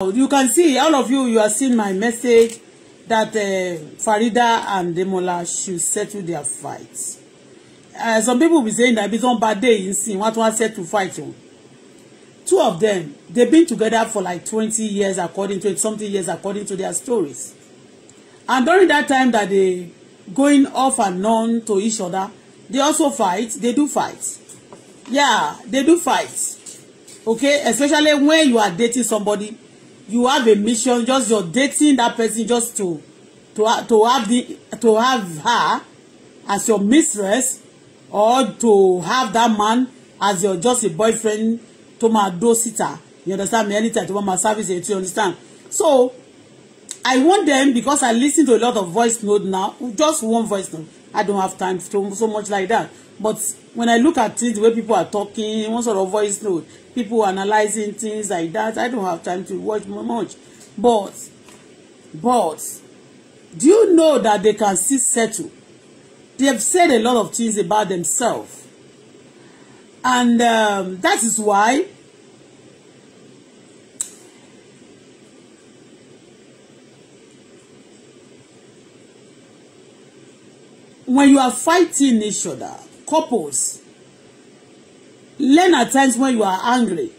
You can see, all of you, you have seen my message that uh, Farida and Demola should settle their fights. Uh, some people be saying that it's on bad day in sin, what one said to fight on. Two of them, they've been together for like 20 years, according to something years, according to their stories. And during that time that they going off and on to each other, they also fight, they do fight. Yeah, they do fight. Okay, especially when you are dating somebody you have a mission just you're dating that person just to to to have the to have her as your mistress or to have that man as your just a boyfriend to ma do sitter. you understand me anytime to want my service you understand so I want them because I listen to a lot of voice note now just one voice note I don't have time to so much like that but when I look at it the way people are talking one sort of voice note people analyzing things like that I don't have time to watch much but but do you know that they can still settle they have said a lot of things about themselves and um, that is why when you are fighting each other couples, learn at times when you are angry.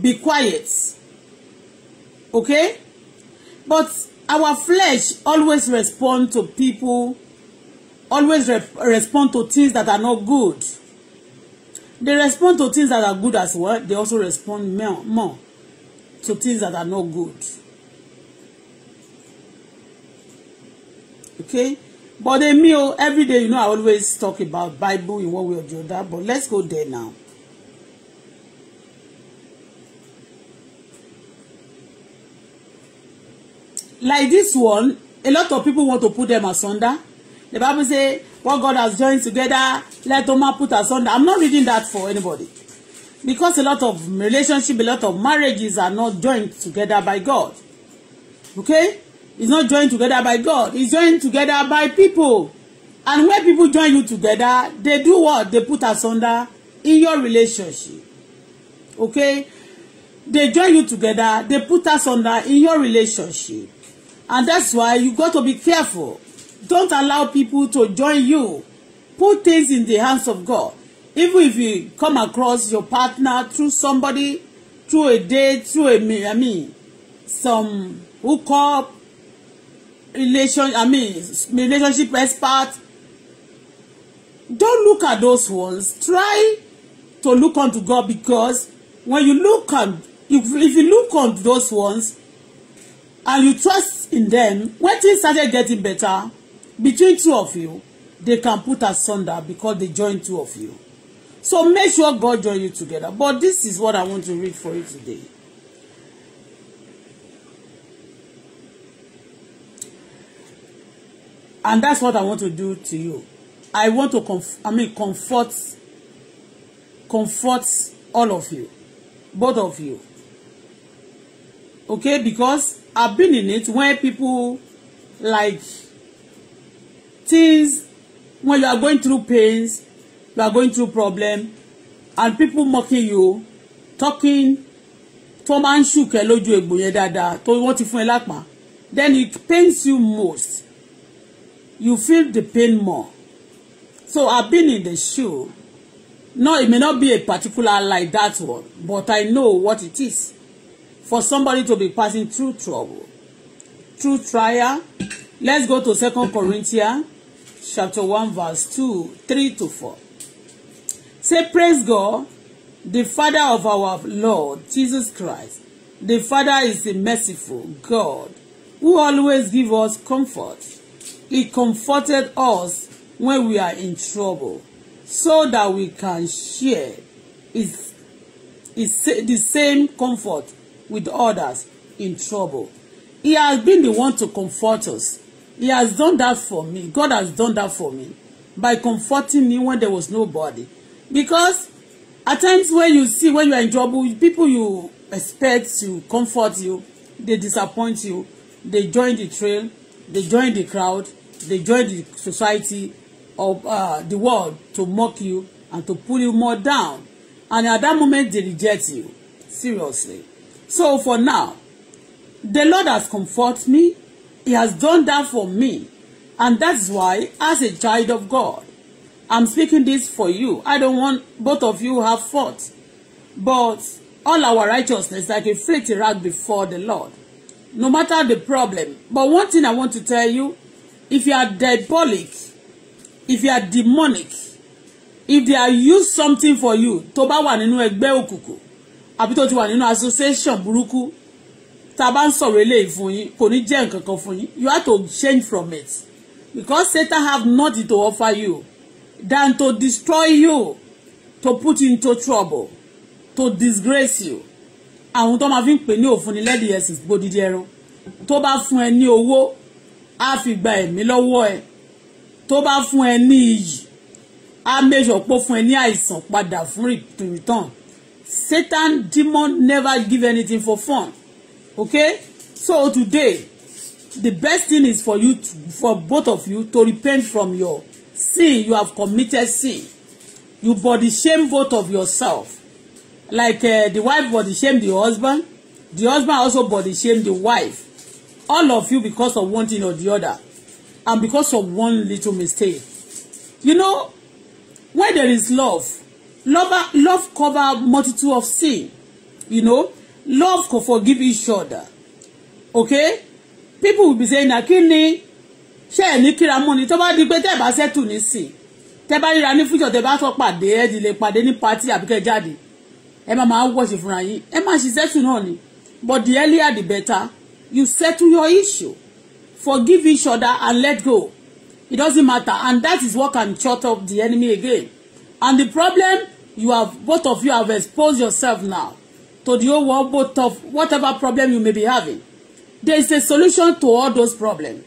Be quiet. Okay? But our flesh always respond to people, always re respond to things that are not good. They respond to things that are good as well. They also respond more, more to things that are not good. Okay? But then meal oh, every day, you know, I always talk about Bible in one way or the other. But let's go there now. Like this one, a lot of people want to put them asunder. The Bible say, what God has joined together, let no man put asunder. I'm not reading that for anybody. Because a lot of relationship, a lot of marriages are not joined together by God. Okay? It's not joined together by God. It's joined together by people. And when people join you together, they do what? They put asunder in your relationship. Okay? They join you together, they put asunder in your relationship. And that's why you got to be careful. Don't allow people to join you. Put things in the hands of God. Even if you come across your partner through somebody, through a date, through a, I mean, some hookup, relation i mean relationship expert don't look at those ones try to look unto God because when you look at if, if you look on those ones and you trust in them when things started getting better between two of you they can put asunder because they join two of you so make sure God join you together but this is what I want to read for you today and that's what I want to do to you I want to comf I mean comfort comfort all of you both of you okay because I've been in it when people like things when you are going through pains you are going through problem and people mocking you talking tó máa ń ṣùkẹ́ lójú egbò yẹn dáadáa tó wọ́n ti fún ẹ lápá then it pains you most you feel the pain more. So I've been in the shoe. No, it may not be a particular like that one, but I know what it is for somebody to be passing through trouble, through trial. Let's go to Second Corinthians chapter 1, verse 2, 3 to 4. Say, praise God, the Father of our Lord Jesus Christ. The Father is a merciful God who always gives us comfort He comforted us when we are in trouble so that we can share his, his, the same comfort with others in trouble. He has been the one to comfort us. He has done that for me. God has done that for me by comforting me when there was nobody. Because at times when you see when you are in trouble, people you expect to comfort you, they disappoint you, they join the trail, they join the crowd, they join the society of uh, the world to mock you and to pull you more down. And at that moment, they reject you. Seriously. So for now, the Lord has comforted me. He has done that for me. And that's why, as a child of God, I'm speaking this for you. I don't want both of you have fought. But all our righteousness, like a filthy rag before the Lord. No matter the problem. But one thing I want to tell you, if you are diabolic if you are demonic if they are use something for you tó bá wà nínú ẹgbẹ́ òkùnkùn àbí tó ti wà nínú association burúkú tá a bá ń sọ̀rọ̀ eléyìí fún yín kò ní jẹ́ nǹkan kan fún yín you have to change from it because Satan have nothing to offer you than to destroy you to put you into trouble to disgrace you àwọn tó máa fi ń pè ní òfun ni lẹ́dìí ẹ̀sìn gbódìdí ẹran tó bá fún ẹ ní owó á fi gba ẹ̀mí lọ́wọ́ ẹ tó bá fún ẹ ní iyì á mẹ́sọ̀ pé fún ẹ ní àìsàn padà fún return Satan demon never give anything for fun okay so today the best thing is for you to, for both of you to repent from your sin you have committed sin you body shame both of yourself like uh, the wife body shame the husband the husband also body shame the wife all of you because of one thing or the other and because of one little mistake you know where there is love love love cover multitude of sin you know love can forgive each other okay people will be saying na kí ni ṣe ẹ ní kíra ni tó di pé tẹ́ ẹ bá ṣẹ́tù ní sìn tẹ́ bá ríra ní fújọ tẹ́ bá tọ́ pàdé ẹ ti lè pàdé ní pati àbí kẹ́ jáde ẹ máa máa wọ̀ṣì fúnra yín ẹ máa ṣiṣẹ́ tù náà ni but the earlier the better you settle your issue forgive each other and let go it doesn't matter and that is what can shut up the enemy again and the problem you have both of you have exposed yourself now to the whole world both of whatever problem you may be having there is a solution to all those problems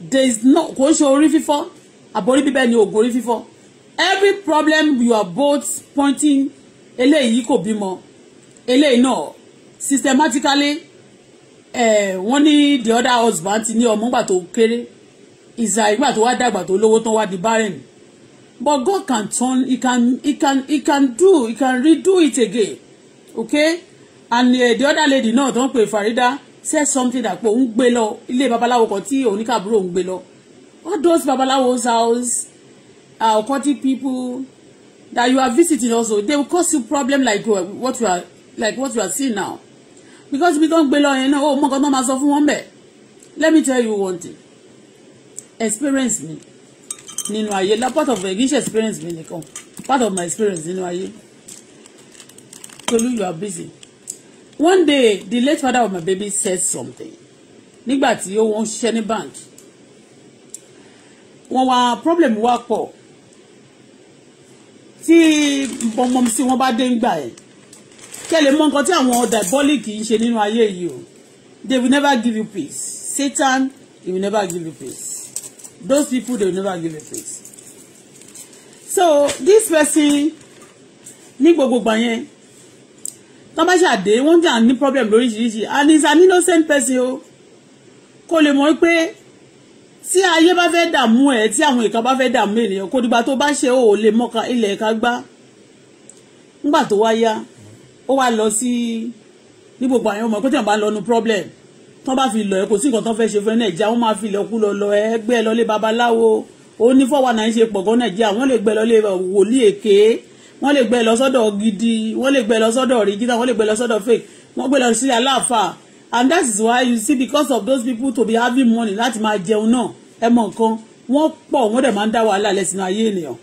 there is no kò ń ṣe orí fífọ́ àbórí bíbẹ́ ni ògùn orí fífọ́ every problem you are both pointing eléyìí kò bímọ eléyìí náà systematically Eh, wọ́n ní the other husband ti ní ọmọ nígbà tó kéré ìsà ìgbà tó wá dàgbà tó lówó tó wá di barren but God can turn he can he can he can do he can redo it again okay and uh, the other lady náà tó ń pè Farida said something that pé òun gbé lọ ilé babaláwo kan tí òun ní kàbúrò òun gbé lọ all those babalawo's house uh, occultic people that you are visiting also they will cause you problem like eh, what you are like what you are seeing now because we don't belong, gbé lọ yẹn náà ó mọ̀ nǹkan tó máa let me tell you one thing experience me. nínú ayé la part of kì í experience Me, nìkan part of my experience nínú ayé Tolu you are busy one day the late father of my baby said something nígbà tí ó wọ́n ṣiṣẹ́ bank wọ́n wá problem wá pọ̀ tí bọ́mọ́mísí wọ́n bá dé ń gbà yẹn kí ẹ lè mọ nǹkan tí àwọn diabolic ń ṣe nínú ayé yìí o they will never give you peace Satan he will never give you peace those people they will never give you peace so this person ní gbogbo gbà yẹn tọ́ bá ṣàdé wọ́n jà ní problem lóríṣiríṣi and he is an innocent person o kó lè mọ̀ pé tí ayé bá fẹ́ dààmú ẹ̀ tí àwọn ìka bá fẹ́ dààmú ènìyàn kó dìgbà tó bá ṣe ó lè mọ́ka ilẹ̀ ẹ̀ka gbá ńgbà tó wá ó wá lọ sí ní gbogbo àwọn ọmọ kótó àbá lọnu problem tó bá fi lọ ẹ kò sí nǹkan tó fẹ́ ṣe fún nàìjíríà wọ́n máa fi ilẹ̀ kú lọ lọ ẹ gbé ẹ lọlé babaláwo ó ní fọwọ́ náà ṣe pọ̀ gan nàìjíríà wọ́n lè gbé ẹ lọlé uh, wòlíì èké wọ́n lè gbé ẹ lọ sọ́dọ̀ gidi wọ́n lè gbé lọ sọ́dọ̀ rìgítà wọ́n lè gbé lọ sọ́dọ̀ fake wọ́n gbé lọ sí aláàfáà and that is why you see because of those people to be having money láti máa jẹun náà ẹ mọ nǹkan wọ́n pọ̀ wọ́n dẹ̀ máa ń dá wàhálà lẹ́sìn ayé ènìyàn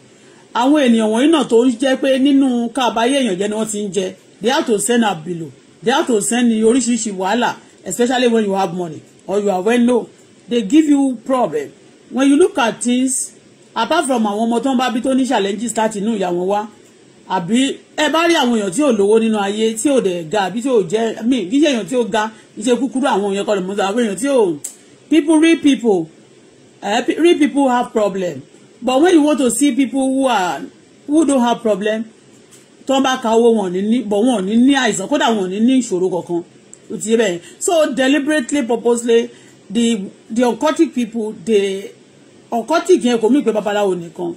àwọn ènìyàn wọ̀nyí náà tó ń jẹ́ pé nínú káàbáyé èèyàn jẹ́ ni wọ́n ti ń jẹ they have to send her below they have to send you oríṣiríṣi wàhálà especially when you have money or you are well known they give you problem when you look at things apart from àwọn ọmọ tó ń bá bí tó ní challenges láti inú ìyá wọn wá àbí ẹ bá rí àwọn èèyàn tí ò lówó nínú ayé tí ò dẹ̀ ga àbí tí ò jẹ́ mi kí ṣe èèyàn tí ò ga iṣẹ́ kúkúrú àwọn èèyàn kọlù mọ́tò àwọn èèyàn tí ò people real people uh, real people have problem but when you want to see people who are who don't have problem tó bá ka owó wọn ní bọ̀ wọn ní ní àìsàn kódà wọn ní ní ìṣòro kankan ó ti bẹ́ẹ̀ so deliberately purposely the the occultic people the occultic yẹn kò mí pé babaláwo nìkan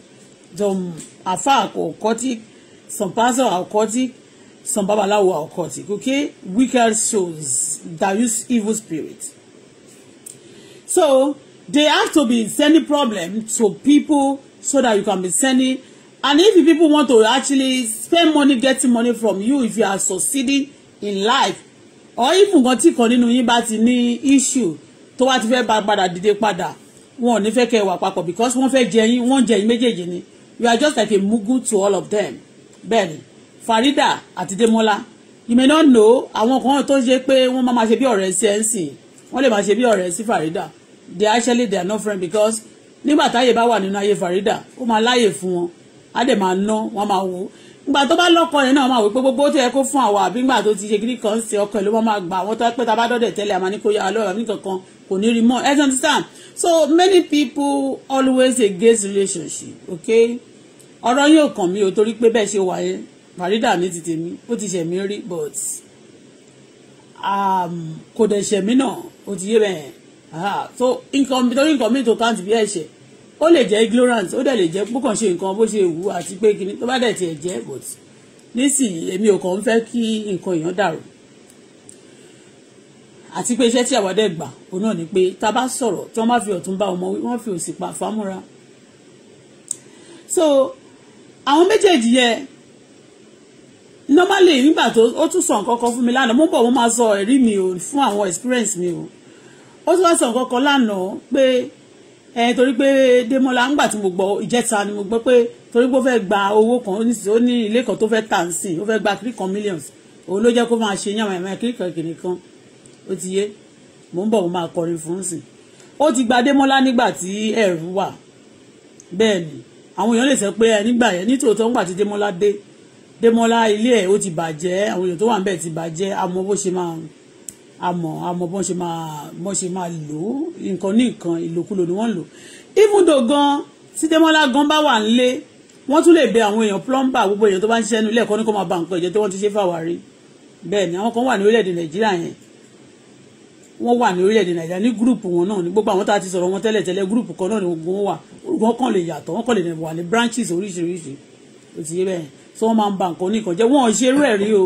some mm, afa occultic some pastor occultic some babaláwo occultic okay wicked souls that use evil spirit so they have to be sending problem to people so that you can be sending And if people want to actually spend money getting money from you if you are succeeding in life or even gan tí kan nínú yín bá ti ní issue to wá ti fẹ́ bá padà dìde padà wọn ò ní fẹ́ kẹ́ ẹ because wọ́n fẹ́ jẹ yín wọ́n jẹ yín méjèèjì ni you are just like a mugu to all of them Ben ni Farida àti Demola you may not know àwọn kan to ṣe pé wọ́n máa ma ṣe bí ọ̀rẹ́ sí ẹ̀ ń sìn wọ́n lè máa ṣe bí Farida they actually they are not friends because nígbà táyè bá wà nínú ayé Farida ó máa láyè fún wọn á dẹ̀ máa ná wọ́n máa wo ìgbà tó bá lọ́kọ yẹn náà máa wò pé gbogbo tó yẹ kó fún àwọn àbí ìgbà tó ti ṣe kiri kan ṣe ọkọ ẹ̀ ló máa gbà àwọn tó pẹ́ ta bá dọ̀dẹ̀ tẹ́lẹ̀ àmọ́ ní kó yá alọ́ àbí kankan kò ní rí mọ́ ẹ tán tán so many people always against relationship okay ọ̀rọ̀ yóò kàn mí o torí pé bẹ́ẹ̀ ṣe wà yẹn Farida mi ti tèmi ó ti ṣẹ̀ mí rí but um, kò dẹ̀ ṣẹ̀ mí náà ó ti yé bẹ́ẹ̀ ah, so nǹkan torí nǹkan mi tó kàn ti bí ẹ̀ṣẹ̀ ó lè jẹ́ ignorant ó dẹ̀ lè jẹ́ bó kàn ṣe nǹkan bó ṣe wù àti pé kí ni tó bá dẹ̀ tiẹ̀ jẹ́ but nísìnyí èmi ò kàn ń fẹ́ kí nǹkan èèyàn dàrú àti pé iṣẹ́ tí àwa dẹ̀ gbà òun náà ni pé tá a bá sọ̀rọ̀ tí wọ́n bá fi ọ̀tún bá ọmọ wí wọ́n fi òsì pa fámúra so àwọn méjèèjì yẹn normally nígbà tó ó tún sọ nǹkan kan fún mi lánàá mo bọ̀ mo máa sọ ẹ̀rí mi o fún àwọn experience mi o ó tún wá sọ nǹkan kan lánàá pé ẹ torí pé Démọ́lá ńgbà tí mo gbọ́ ìjẹta ni mo gbọ́ pé torí pé ó fẹ́ gba owó kan ó ní ilé kan tó fẹ́ tà ń sìn ó fẹ́ gba three kan millions òun ló jẹ́ kó máa ṣe yànmà ẹ̀mọ́ kiri kan kiri kan ó ti yé mò ń bọ̀ mo máa kọrin fún un sìn ó ti gba Démọ́lá nígbà tí ẹ̀rù wà bẹ́ẹ̀ ni àwọn èèyàn lè sọ pé nígbà yẹn nítòótọ́ ńgbà tí Démọ́lá dé Démọ́lá ilé ẹ̀ ó ti bàjẹ́ àwọn èèyàn tó wà ń bẹ̀ ti bàjẹ́ àmọ́ bó ṣe máa ń àmọ́ àmọ́ bọ́n ṣe máa bọ́n ṣe máa lò ó nǹkan ní nǹkan ìlòkulò ni wọ́n lò even though gan tí Dẹ́mọ́lá gan bá wà nílé wọ́n tún lè bẹ àwọn èèyàn plumber gbogbo èèyàn tó bá ń ṣiṣẹ́ nílé ẹ̀kọ́ ní kó máa ba nǹkan ìjẹ́ tí wọ́n ti ṣe fàwárí bẹ́ẹ̀ ni àwọn kan wà ní orílẹ̀-èdè Nàìjíríà yẹn wọ́n wà ní orílẹ̀-èdè Nàìjíríà ní gúrùpù wọn náà ní gbogbo àwọn tá a ti sọ̀rọ̀ wọn tẹ́lẹ̀ tẹ́lẹ̀ gúrùpù kan náà ni gbogbo wọn wà orúkọ kan lè yàtọ̀ wọn kàn lè wà ní branches oríṣiríṣi ó ti yé bẹ́ẹ̀ so wọ́n máa ń ba nǹkan oníkan jẹ́ wọ́n ṣerú ẹ̀ rí o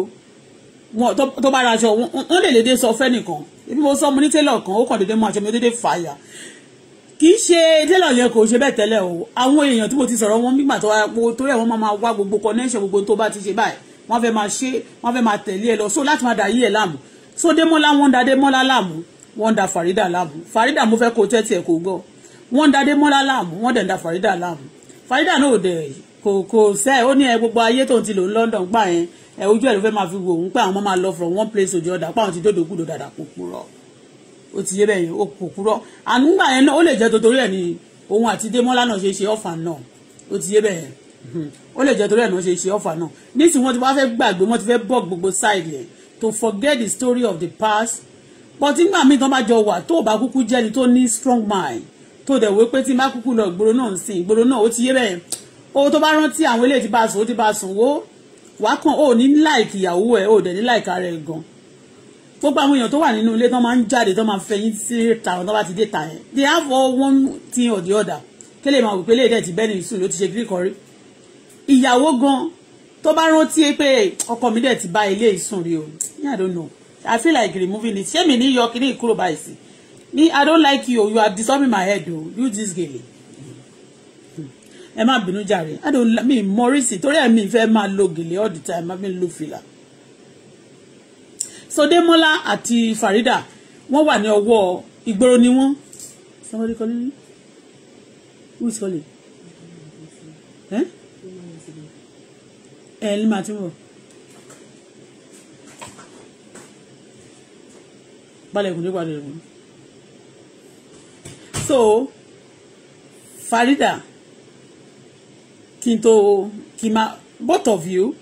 wọn tó bá ra aṣọ wọn lè lédè sọ fẹ́nìkan ibi mo sọ mo ní tẹ́lọ̀ kan ó kàn déédéé mú aṣọ mi ó déédéé fàyà kì í ṣe tẹ́lọ̀ yẹn kò ṣe bẹ́ẹ̀ tẹ́lẹ̀ o àwọn èèyàn tí mo ti sọ̀rọ̀ wọn nígbà tó wá torí ẹ̀ wọ́n máa wá gbogbo connection gbogbo tó bá ti ṣe báyìí wọ́n fẹ́ máa ṣe wọ́n fẹ́ máa tẹ̀lé ẹ lọ so láti máa dà yí ẹ láàmú so Démọ́lá wọ́n da Démọ́lá láàmú wọ́n da Farida láàmú Farida mo fẹ́ kó tẹ́tí ẹ̀ kó gbọ́ wọ́n da Démọ́lá láàmú wọ́n dẹ̀ da Farida láàmú Farida náà dẹ̀ kò kò sẹ́ ó ní ẹ gbogbo ayé tó ti lò ní London gbà yẹn ẹ ojú ẹ̀ ló fẹ́ máa fi wò ń pé àwọn máa lọ from one place to the other pé àwọn ti dòdò kúdò dàdà kò kúrọ̀ ó ti yé bẹ́ẹ̀ yẹn kò kúrọ̀ ànúgbà yẹn náà ó lè jẹ́ torí ẹ̀ ni òun àti Démọ́lá náà ṣe ṣe ọ̀fà náà ó ti yé bẹ́ẹ̀ yẹn ó lè jẹ́ torí ẹ̀ náà ṣe ṣe ọ̀fà náà nísìnyí wọ́n ti wá fẹ́ gbàgbé wọ́n ti fẹ́ bọ́ gbogbo side yẹn to forget the story of the past but nígbà míì tán bá jọ wà tó bá kúkú jẹ́ni tó ní strong mind tó dẹ̀ wé pé tí má kúkú lọ ìgboro náà ń sìn ìgboro náà ó ti yé bẹ́ẹ̀ owó tó bá rántí àwọn eléyìí ti bá sùn ó ti bá sùn wó wàá kàn ó ní láìkì ìyàwó ẹ̀ ó dẹ̀ ní láìka rẹ̀ gan gbogbo àwọn èèyàn tó wà nínú ilé tó máa ń jáde tó máa ń fẹyín síta tó bá ti dé ta yẹn they have all one thing or the other kélé máa wò pé léèdẹ̀ ti bẹ́ẹ̀ ní sùn ló ti ṣe kiri kọrí ìyàwó gan tó bá rántí pé ọkọ mi dẹ̀ ti bá ilé ìsùn rí o I don't know I feel like removing it ṣé mi ní yọ kí ní ìkúrò báyìí sí me I don't like you you are disturbing my head o you this girl ẹ má bínú jàre i don't mi mọrísì torí ẹ̀mí fẹ́ máa lo gèlè all the time àmì lo fìlà. so Demola àti Farida wọ́n wà ní ọwọ́ ìgboro ni wọ́n somebody calling me who is calling ẹ ẹ ní màá ti wọ̀ balẹ̀ ìkùnjẹ́ balẹ̀ ìkùnjẹ́ so Farida kí n tó both of you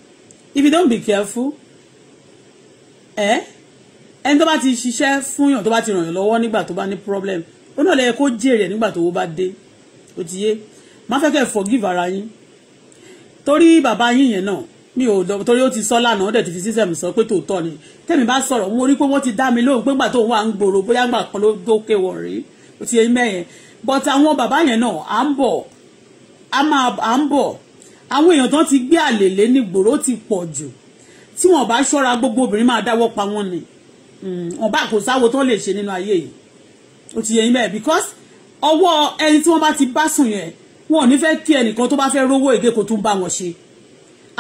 if you don't be careful ẹ ẹni tó bá ti ṣiṣẹ́ fún yàn tó bá ti ràn yàn lọ́wọ́ nígbà tó bá ní problem ó náà lẹ́yìn kó jèrè ẹ̀ nígbà tó bá dé ó ti yé má fẹ́ kẹ́ forgive ara yín torí bàbá yín yẹn náà mi ò dọ̀ torí ó ti sọ lánàá ó dẹ̀ ti fi sísẹ̀mù sọ pé tòótọ́ ni tẹ́mi bá sọ̀rọ̀ mo rí pé wọ́n ti dá mi lóhùn pé gbà tó wà ń gbòòrò bóyá gbà kan ló dókè wọ̀ rí ó ti yé mẹ́yẹn but àwọn bàbá yẹn náà à ń bọ̀ a máa à ń bọ̀ àwọn èèyàn tán ti gbé àlèlé nígboro ti pọ̀ jù tí wọ́n bá ṣọ́ra gbogbo obìnrin máa dáwọ́ pa wọ́n ni hmm, wọ́n bá kò sáwo tán lè ṣe nínú ayé yìí ó ti yẹ yín bẹ́ẹ̀ because ọwọ́ ẹni tí wọ́n bá ti bá sùn yẹn wọn ò ní fẹ́ kí ẹnìkan tó bá fẹ́ rówó èdè kó tún bá wọn ṣe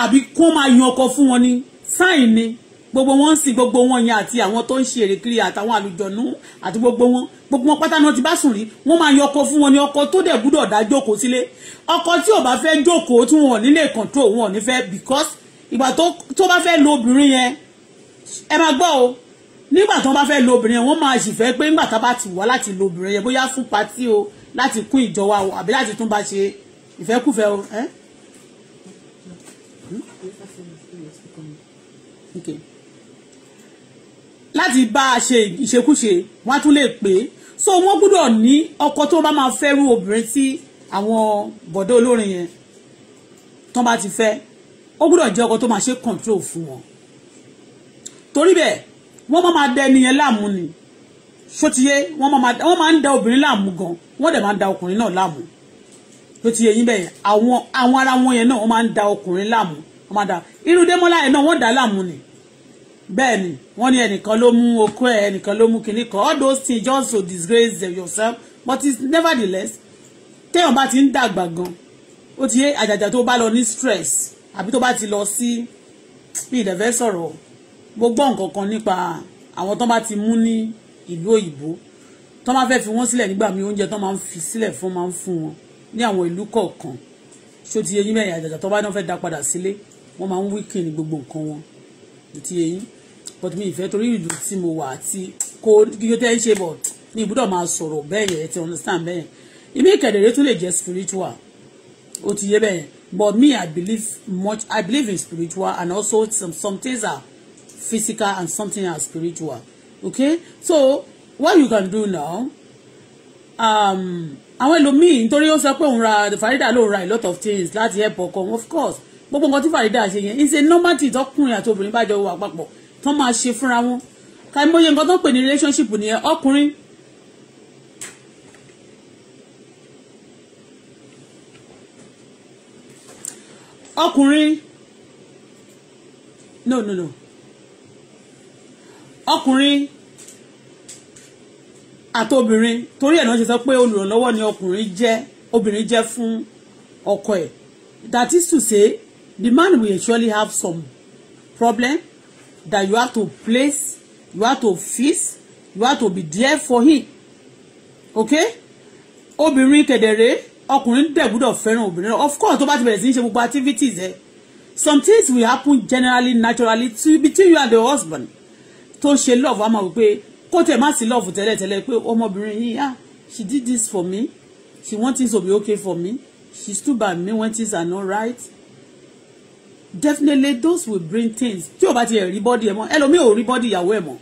àbí kó máa yan ọkọ fún wọn ní sáìn ni gbogbo wọn ń gbogbo wọn yẹn àti àwọn tó ń ṣe èrèkiri àtàwọn àlùjọ̀nú àti gbogbo wọn gbogbo wọn pátá náà ti bá sùn rí wọn máa yan ọkọ fún wọn ní ọkọ tó dẹ̀ gbúdọ̀ dá jókòó sílé ọkọ tí ò bá fẹ́ jókòó tí wọn ò nílé control wọn ò ní fẹ́ because ìgbà tó bá fẹ́ lo obìnrin yẹn ẹ máa gbọ́ o nígbà tó bá fẹ́ lo obìnrin yẹn wọ́n máa sì fẹ́ pé nígbà tá hmm? Okay láti bá a ṣe ìṣekúṣe wọ́n á tún lè pè é so wọ́n gbúdọ̀ ní ọkọ tó bá máa fẹ́rú obìnrin tí àwọn bọ̀dọ̀ olórin yẹn tán bá ti fẹ́ ó gbúdọ̀ jẹ́ ọkọ tó máa ṣe control fún wọn torí bẹ́ẹ̀ wọ́n máa máa dẹ ẹniyẹn láàmú ni ṣótiyé wọ́n máa ń da obìnrin láàmú gan wọ́n dẹ̀ máa ń da ọkùnrin náà láàmú ṣótiyé yín bẹ́ẹ̀ àwọn àwọn ara wọn yẹn náà wọ́n máa ń da ọkùnrin láàmú wọ́n máa da irú Dẹ́mọ́lá yẹn náà wọ́n dà láàmú ni bẹ́ẹ̀ ni wọ́n ní ẹnìkan ló mú okó ẹ̀ ẹnìkan ló mú kinní kan all those things just to disgrace yourself but it's nevertheless téèyàn bá ti ń dàgbà gan ó ti yé àjàjà tó bá lọ ní stress àbí tó bá ti lọ sí bí ìdẹ̀fẹ́ sọ̀rọ̀ mo gbọ́ nǹkan kan nípa àwọn tó bá ti mú ní ìlú òyìnbó tó máa fẹ́ fi wọ́n sílẹ̀ nígbà mi oúnjẹ tó máa ń fi sílẹ̀ fún máa ń fún wọn ní àwọn ìlú kọ̀ọ̀kan ṣó ti yé yín mẹ́rin àjàjà tó bá náà fẹ́ dá padà sílé wọ́n máa ń wíkìn ní gbogbo nǹkan wọn ti yé yín but mi ìfẹ́ torí ìlú tí mo wà àti kò kíkó tẹ́ ń ṣe bọ̀ ní ìbúdọ̀ máa sọ̀rọ̀ bẹ́ẹ̀ yẹn ti understand bẹ́ẹ̀ yẹn ìmí ìkẹ̀dẹ̀rẹ́ tún lè jẹ́ spiritual ó ti yé bẹ́ẹ̀ but me I believe much I believe in spiritual and also some some things are physical and something are spiritual okay so what you can do now um, àwọn ẹlòmíì nítorí ó sọ pé òun ra Farida ló ra a lot of things láti help ọkọ of course gbogbo nǹkan tí Farida ṣe yẹn it's a normal thing tọkùnrin àti obìnrin bá jọ wà papọ̀ tán máa ṣe fúnra wọn kàìmọye nǹkan tó ń pè ní relationship nìyẹn ọkùnrin ọkùnrin no no no ọkùnrin àtobìnrin torí ẹ̀ náà ṣe sọ pé olùrànlọ́wọ́ ni ọkùnrin jẹ́ obìnrin jẹ́ fún ọkọ ẹ̀ that is to say the man will surely have some problem that you have to place you have to fix you have to be there for him okay obìnrin kedere ọkùnrin dẹ̀ gbúdọ̀ fẹ́ràn obìnrin of course tó bá ti bẹ̀rẹ̀ sí ṣe gbogbo activities ẹ some things will happen generally naturally to between you and the husband tó ṣe love wa máa wí pé kó tẹ̀ má sí love tẹ́lẹ̀tẹ́lẹ̀ pé ọmọbìnrin yìí ah she did this for me she want things to be okay for me she stood by me when things are not right definitely those will bring things tí o bá ti rí bọ́dì ẹ̀ mọ́ ẹlòmíì ò rí bọ́dì ìyàwó ẹ̀ mọ́